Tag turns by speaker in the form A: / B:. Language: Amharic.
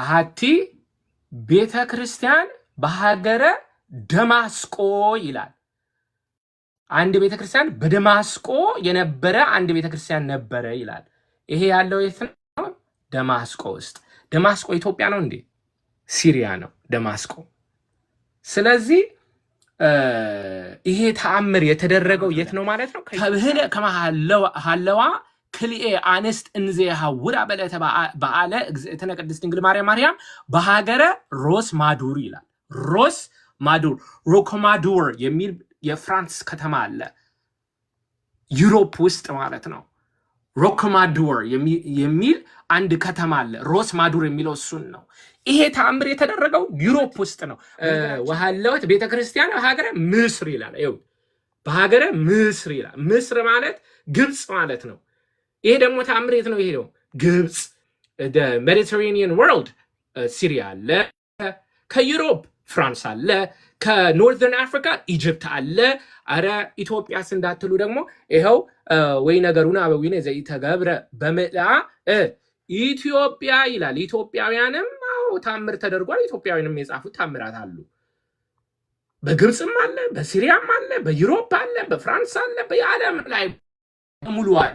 A: አሃቲ ቤተ ክርስቲያን በሀገረ ደማስቆ ይላል። አንድ ቤተ ክርስቲያን በደማስቆ የነበረ አንድ ቤተ ክርስቲያን ነበረ ይላል። ይሄ ያለው የት ነው? ደማስቆ ውስጥ። ደማስቆ ኢትዮጵያ ነው እንዴ? ሲሪያ ነው ደማስቆ። ስለዚህ ይሄ ተአምር የተደረገው የት ነው ማለት ነው? ከመሃለዋ ክልኤ አንስት ውዳ በለተ በዓለ እግዝእትነ ቅድስት ድንግል ማርያም ማርያም በሀገረ ሮስ ማዱር ይላል። ሮስ ማዱር ሮኮማዱር የሚል የፍራንስ ከተማ አለ፣ ዩሮፕ ውስጥ ማለት ነው። ሮኮማዱር የሚል አንድ ከተማ አለ። ሮስ ማዱር የሚለው እሱን ነው። ይሄ ተአምር የተደረገው ዩሮፕ ውስጥ ነው። ወሃለወት ቤተክርስቲያን በሀገረ ምስር ይላል። በሀገረ ምስር ይላል። ምስር ማለት ግብፅ ማለት ነው። ይሄ ደግሞ ተአምር የት ነው የሄደው? ግብፅ፣ ሜዲተሬኒየን ወርልድ፣ ሲሪያ አለ፣ ከዩሮፕ ፍራንስ አለ፣ ከኖርዘርን አፍሪካ ኢጅፕት አለ። አረ ኢትዮጵያስ እንዳትሉ ደግሞ ይኸው uh, ወይ ነገሩን አበዊነ ዘይተገብረ በምልአ uh, ኢትዮጵያ ይላል። ኢትዮጵያውያንም አዎ ታምር ተደርጓል። ኢትዮጵያውያንም የጻፉት ታምራት አሉ። በግብፅም አለ፣ በሲሪያም አለ፣ በዩሮፕ አለ፣ በፍራንስ አለ፣ በዓለም ላይ ሙሉ